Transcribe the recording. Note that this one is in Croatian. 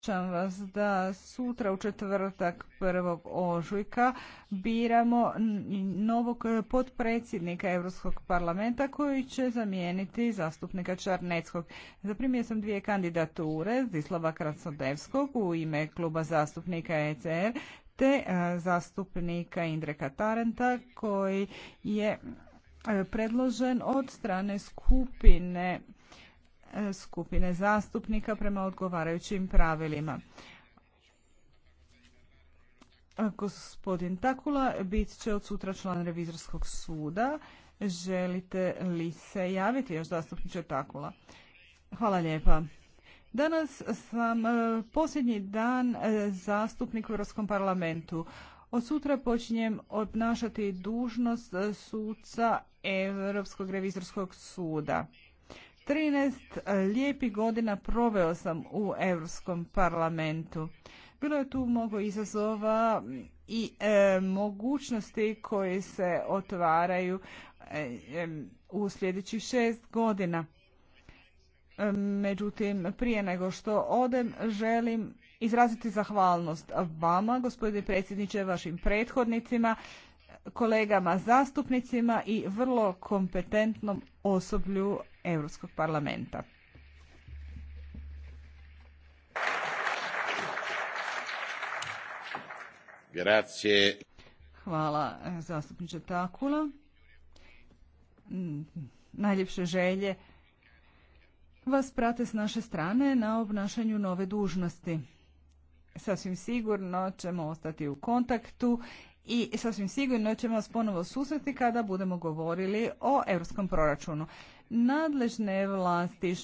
Sjećam vas da sutra u četvrtak 1. ožujka biramo novog potpredsjednika Europskog parlamenta koji će zamijeniti zastupnika Čarneckog. Zaprimio sam dvije kandidature, Zislava Krasnodevskog u ime kluba zastupnika ECR te zastupnika Indreka Tarenta koji je predložen od strane skupine skupine zastupnika prema odgovarajućim pravilima. Gospodin Takula bit će od sutra član revizorskog suda. Želite li se javiti još zastupniče Takula? Hvala lijepa. Danas sam e, posljednji dan e, zastupnik u Europskom parlamentu. Od sutra počinjem obnašati dužnost e, suca Europskog revizorskog suda. 13 lijepih godina proveo sam u Europskom parlamentu. Bilo je tu mnogo izazova i e, mogućnosti koje se otvaraju e, u sljedećih šest godina. Međutim, prije nego što odem, želim izraziti zahvalnost vama, gospodine predsjedniče, vašim prethodnicima kolegama zastupnicima i vrlo kompetentnom osoblju Europskog parlamenta. Grazie. Hvala eh, zastupniče Takula. Mm, najljepše želje vas prate s naše strane na obnašanju nove dužnosti. Sasvim sigurno ćemo ostati u kontaktu i sasvim sigurno ćemo vas ponovo susreti kada budemo govorili o europskom proračunu. Nadležne vlasti